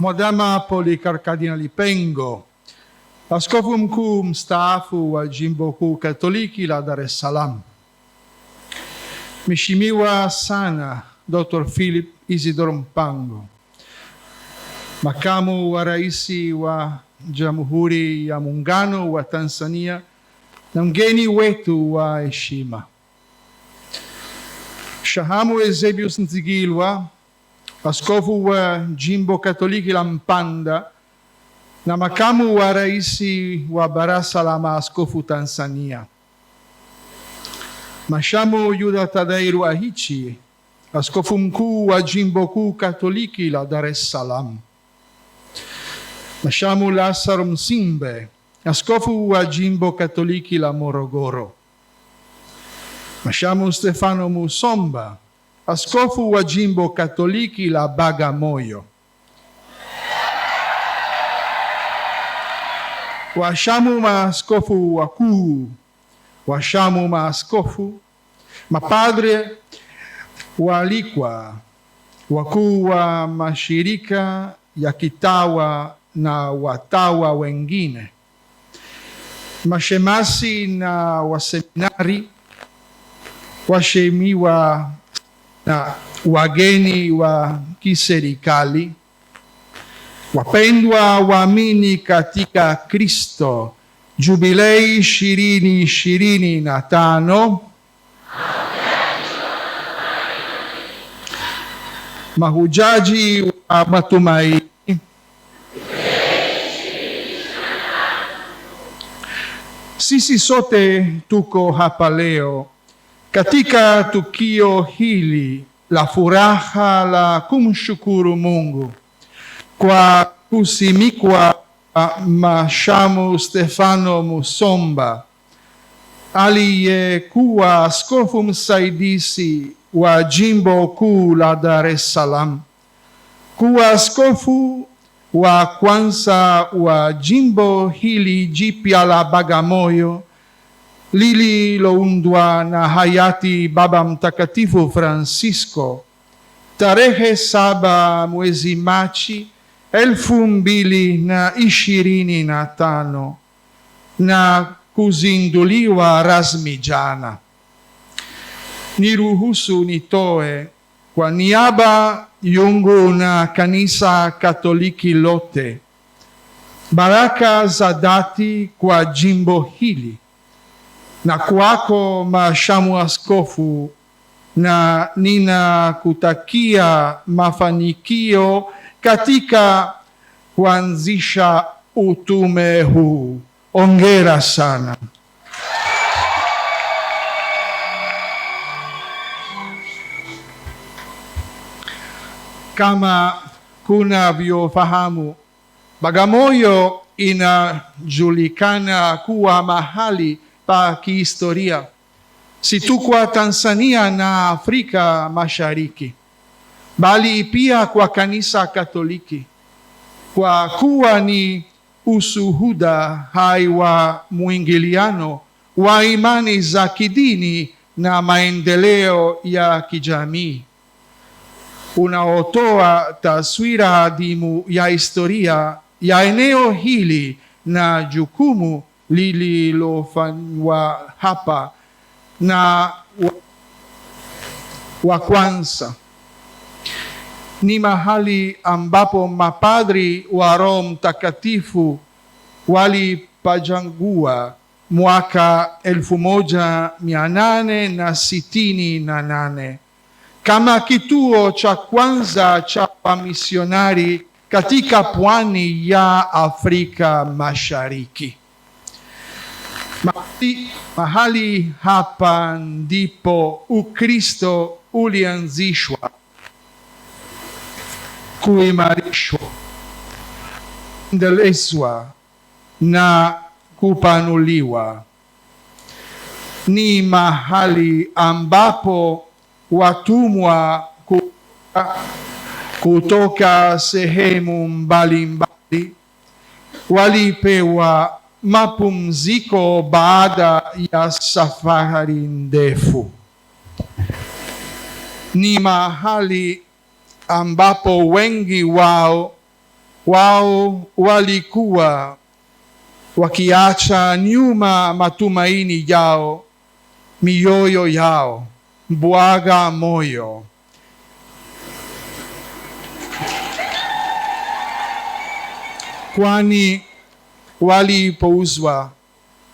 mwadama Polikar Kardinali Pengo, askofu mkuu mstaafu wa jimbo kuu Katoliki la Dar es Salaam. Mheshimiwa sana Dr. Philip Isidor Mpango, makamu wa rais wa Jamhuri ya Muungano wa Tanzania na mgeni wetu wa heshima, Shahamu Eusebius Nzigilwa askofu wa eh, jimbo Katoliki la Mpanda na makamu wa raisi wa baraza la maaskofu Tanzania. Mashamo Yuda Tadei Ruwa'ichi, askofu mkuu wa jimbo kuu Katoliki la Dar es Salaam. Mashamo Lazaro Msimbe, askofu wa jimbo Katoliki la Morogoro. Mashamo Stefano Musomba askofu wa jimbo Katoliki la Bagamoyo. Washamu maaskofu wakuu, washamu maaskofu, mapadre walikwa, wakuu wa mashirika ya kitawa na watawa wengine, mashemasi na waseminari, washemiwa na wageni wa kiserikali. Wapendwa waamini katika Kristo, Jubilei ishirini ishirini na tano mahujaji wa matumaini sisi sote tuko hapa leo katika tukio hili la furaha la kumshukuru Mungu kwa kusimikwa Mhashamu Stefano Musomba aliyekuwa askofu msaidizi wa jimbo kuu la Dar es Salaam kuwa askofu wa kwanza wa jimbo hili jipya la Bagamoyo lililoundwa na hayati Baba Mtakatifu Francisco tarehe saba mwezi Machi elfu mbili na ishirini na tano na kuzinduliwa rasmi jana. Niruhusu nitoe kwa niaba yangu na kanisa Katoliki lote baraka za dhati kwa jimbo hili na kwako Mashamu Askofu, na ninakutakia mafanikio katika kuanzisha utume huu. Ongera sana. Kama kunavyofahamu, Bagamoyo inajulikana kuwa mahali pa kihistoria. Si tu kwa Tanzania na Afrika Mashariki, bali pia kwa kanisa Katoliki, kwa kuwa ni ushuhuda hai wa mwingiliano wa imani za kidini na maendeleo ya kijamii unaotoa taswira adimu ya historia ya eneo hili na jukumu lililofanywa hapa na wa kwanza. Ni mahali ambapo mapadri wa Roho Mtakatifu walipajangua mwaka elfu moja mia nane na sitini na nane kama kituo cha kwanza cha wamisionari katika pwani ya Afrika Mashariki. Mahali, mahali hapa ndipo Ukristo ulianzishwa kuimarishwa, endelezwa na kupanuliwa. Ni mahali ambapo watumwa kutoka, kutoka sehemu mbalimbali walipewa mapumziko baada ya safari ndefu. Ni mahali ambapo wengi wao wao walikuwa wakiacha nyuma matumaini yao, mioyo yao bwaga moyo. Kwani walipouzwa,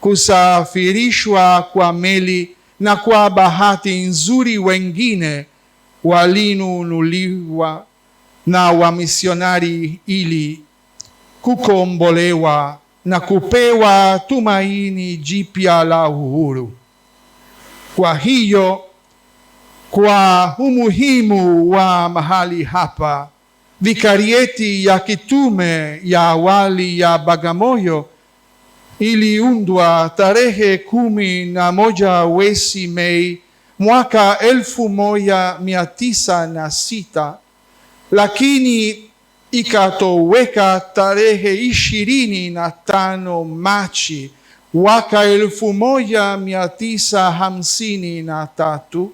kusafirishwa kwa meli, na kwa bahati nzuri wengine walinunuliwa na wamisionari ili kukombolewa na kupewa tumaini jipya la uhuru. Kwa hiyo, kwa umuhimu wa mahali hapa Vikarieti ya Kitume ya awali ya Bagamoyo iliundwa tarehe kumi na moja wesi Mei mwaka elfu moja mia tisa na sita lakini ikatoweka tarehe ishirini na tano Machi mwaka elfu moja mia tisa hamsini na tatu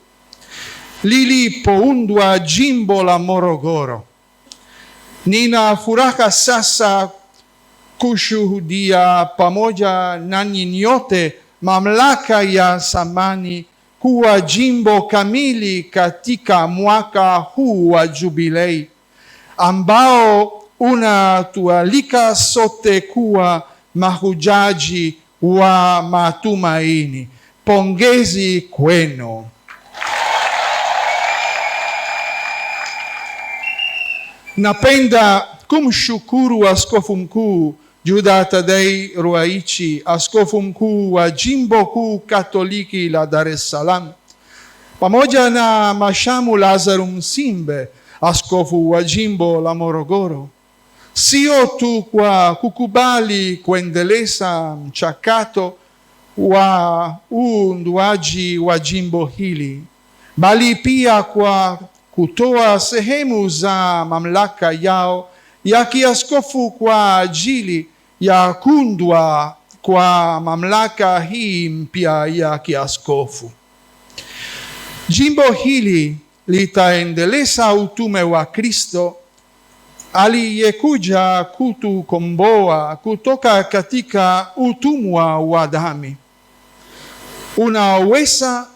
lilipoundwa jimbo la Morogoro. Nina furaha sasa kushuhudia pamoja nanyi nyote mamlaka ya samani kuwa jimbo kamili katika mwaka huu wa Jubilei ambao unatualika sote kuwa mahujaji wa matumaini. Pongezi kwenu. Napenda kumshukuru Askofu Mkuu Juda Tadei Ruaichi, askofu mkuu wa jimbo kuu Katoliki la Dar es Salaam, pamoja na Mashamu Lazaro Msimbe, askofu wa jimbo la Morogoro, sio tu kwa kukubali kuendeleza mchakato wa uunduaji wa jimbo hili, bali pia kwa kutoa sehemu za mamlaka yao ya kiaskofu kwa ajili ya kundwa kwa mamlaka hii mpya ya kiaskofu. Jimbo hili litaendeleza utume wa Kristo aliyekuja kutukomboa kutoka katika utumwa wa dhambi. Unaweza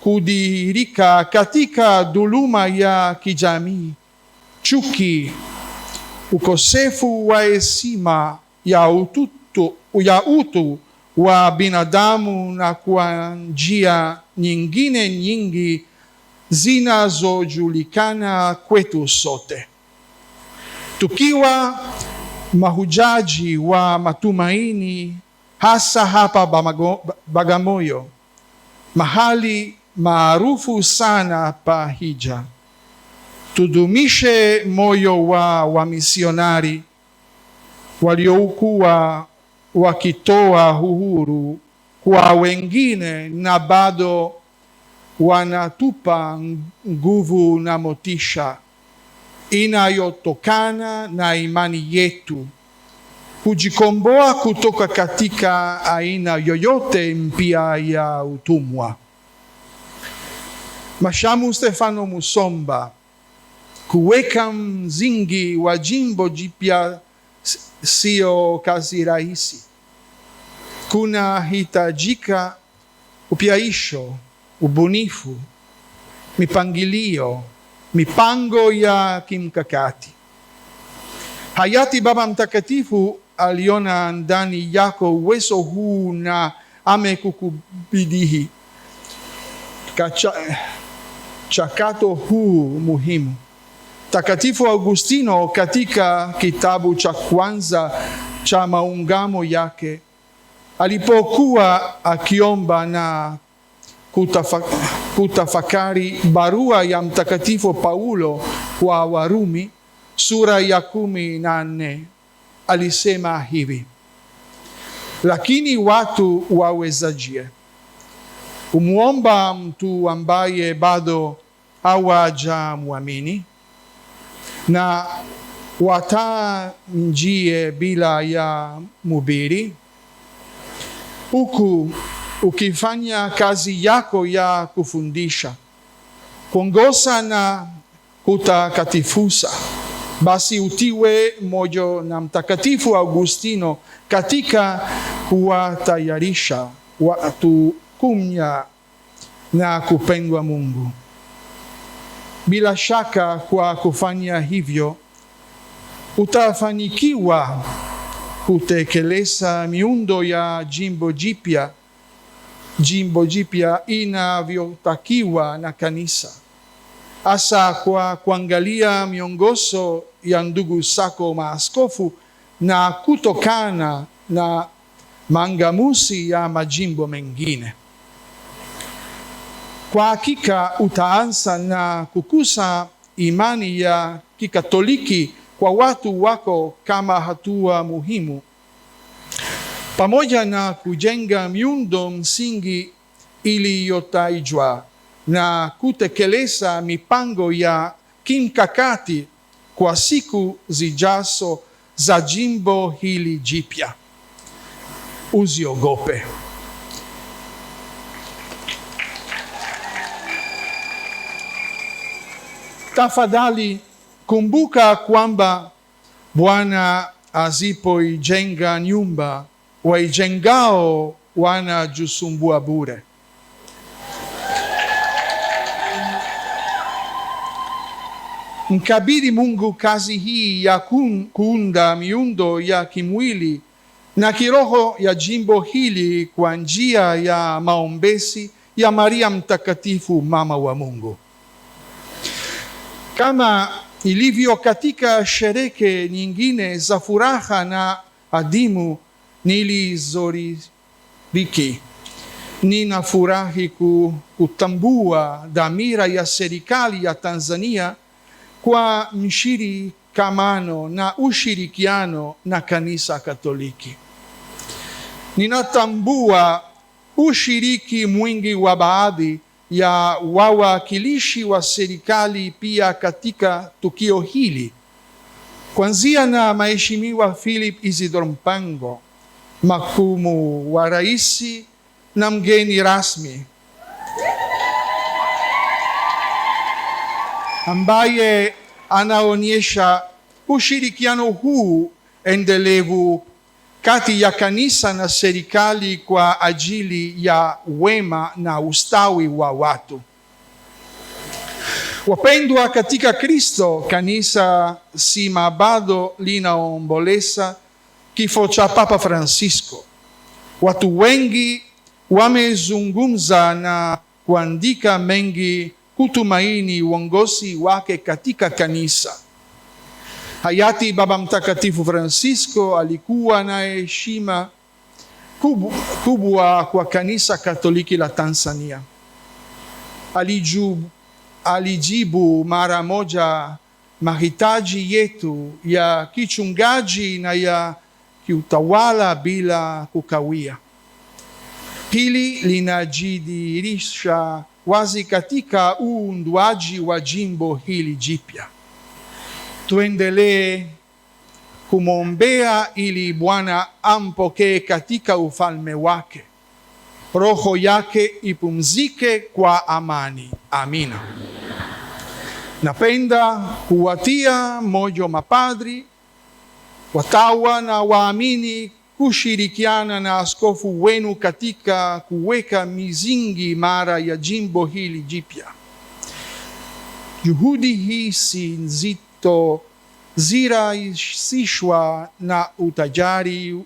kudirika katika dhuluma ya kijamii, chuki, ukosefu wa heshima ya utu, ya utu wa binadamu na kwa njia nyingine nyingi zinazojulikana kwetu sote. Tukiwa mahujaji wa matumaini, hasa hapa Bagamoyo, mahali maarufu sana pa hija. Tudumishe moyo wa wamisionari waliokuwa wakitoa uhuru kwa wengine na bado wanatupa nguvu na motisha inayotokana na imani yetu kujikomboa kutoka katika aina yoyote mpya ya utumwa mashamu Stefano Musomba kuweka mzingi wa jimbo jipya sio kazi rahisi. Kuna hitajika upyaisho, ubunifu, mipangilio, mipango ya kimkakati. Hayati Baba Mtakatifu aliona ndani yako uwezo huu na amekukubidihi mchakato huu muhimu. Takatifu Augustino katika kitabu cha kwanza cha maungamo yake alipokuwa akiomba na kutafa, kutafakari barua ya Mtakatifu Paulo kwa Warumi sura ya kumi na nne alisema hivi: lakini watu wawezajie kumwomba mtu ambaye bado hawajamwamini na njie bila ya mubiri, huku ukifanya kazi yako ya kufundisha, kuongoza na kutakatifusa. Basi utiwe mojo na Mtakatifu Augustino katika kuwatayarisha watu kumya na kupendwa Mungu. Bila shaka kwa kufanya hivyo utafanikiwa kutekeleza miundo ya jimbo jipya jimbo jipya inavyotakiwa na kanisa, hasa kwa kuangalia miongozo ya ndugu zako maaskofu na kutokana na mangamusi ya majimbo mengine. Kwa hakika utaanza na kukusa imani ya Kikatoliki kwa watu wako kama hatua muhimu, pamoja na kujenga miundo msingi iliyotajwa na kutekeleza mipango ya kimkakati kwa siku zijazo za jimbo hili jipya. Usiogope. tafadhali kumbuka kwamba Bwana azipoijenga nyumba, waijengao jusumbua bure. Mkabidhi Mungu kazi hii ya kuunda miundo ya kimwili na kiroho ya jimbo hili kwa njia ya maombesi ya Maria Mtakatifu, mama wa Mungu kama ilivyo katika sherehe nyingine za furaha na adimu nilizoriki. furahi kutambua dhamira ya serikali ya Tanzania kwa mshirikamano na ushirikiano na kanisa Katoliki. Ninatambua ushiriki mwingi wa baadhi ya wawakilishi wa serikali pia katika tukio hili, kuanzia na Mheshimiwa Philip Isidor Mpango, makamu wa rais na mgeni rasmi, ambaye anaonyesha ushirikiano huu endelevu kati ya kanisa na serikali kwa ajili ya wema na ustawi wa watu. Wapendwa katika Kristo, kanisa sima lina linaomboleza kifo cha Papa Francisco. Watu wengi wamezungumza na kuandika mengi kutumaini uongozi wake katika kanisa. Hayati Baba Mtakatifu Francisco alikuwa na heshima kubwa kwa kanisa Katoliki la Tanzania. Alijibu, alijibu mara moja mahitaji yetu ya kichungaji na ya kiutawala bila kukawia. Hili linajidhihirisha wazi katika uundwaji wa jimbo hili jipya tuendelee kumwombea ili Bwana ampokee katika ufalme wake, roho yake ipumzike kwa amani. Amina. Napenda kuwatia moyo mapadri, watawa na waamini kushirikiana na askofu wenu katika kuweka misingi imara ya jimbo hili jipya. Juhudi hii si nzito to zira isishwa na utajari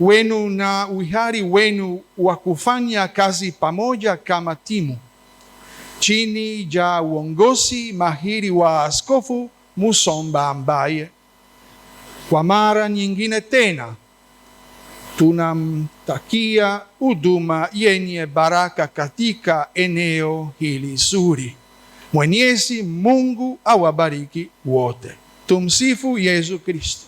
wenu na uhari wenu wa kufanya kazi pamoja kama timu chini ya uongozi mahiri wa Askofu Musomba ambaye kwa mara nyingine tena tunamtakia huduma yenye baraka katika eneo hili zuri. Mwenyezi Mungu awabariki wote. Tumsifu Yesu Kristo.